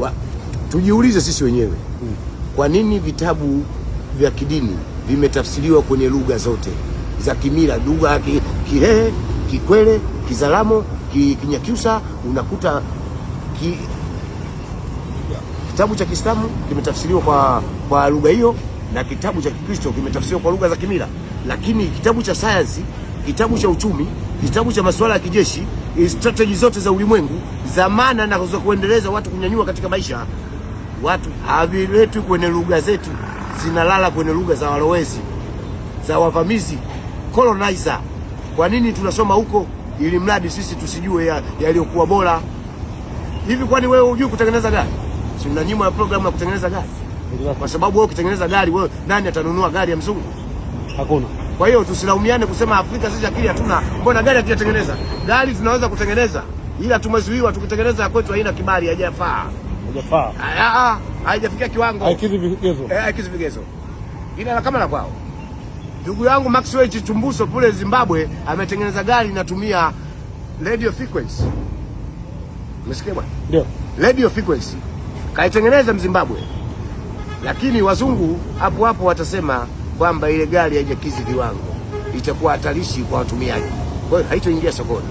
wa, tujiulize sisi wenyewe hmm. Kwa nini vitabu vya kidini vimetafsiriwa kwenye lugha zote za kimila, lugha ya ki, Kihehe, Kikwele, Kizalamo, ki, Kinyakyusa unakuta ki, kitabu cha Kiislamu kimetafsiriwa kwa, kwa lugha hiyo na kitabu cha Kikristo kimetafsiriwa kwa lugha za kimila, lakini kitabu cha sayansi, kitabu cha uchumi, kitabu cha masuala ya kijeshi strategy zote za ulimwengu za maana na za kuendeleza watu kunyanyua katika maisha, watu haviletwi kwenye lugha zetu, zinalala kwenye lugha za walowezi, za wavamizi, colonizer. Kwa nini tunasoma huko ili mradi sisi tusijue yaliyokuwa ya bora? Hivi kwani wewe hujui kutengeneza gari? Si ya programu ya kutengeneza gari? Kwa sababu wewe ukitengeneza gari, wewe nani atanunua gari ya mzungu? Hakuna. Kwa hiyo tusilaumiane kusema Afrika sisi akili hatuna. Mbona gari hatujatengeneza? Gari tunaweza kutengeneza, ila tumezuiwa. Tukitengeneza kwetu haina kibali, haijafaa, haijafaa, haijafikia kiwango, haikidhi vigezo, eh, haikidhi vigezo, ila kama la kwao ndugu yangu Maxwell Chitumbuso kule Zimbabwe ametengeneza gari inatumia radio frequency. Umesikia bwana? Ndio. Radio frequency. Kaitengeneza Mzimbabwe. Lakini wazungu hapo hapo watasema kwamba ile gari haijakizi viwango, itakuwa hatarishi kwa watumiaji, kwa hiyo haitoingia sokoni.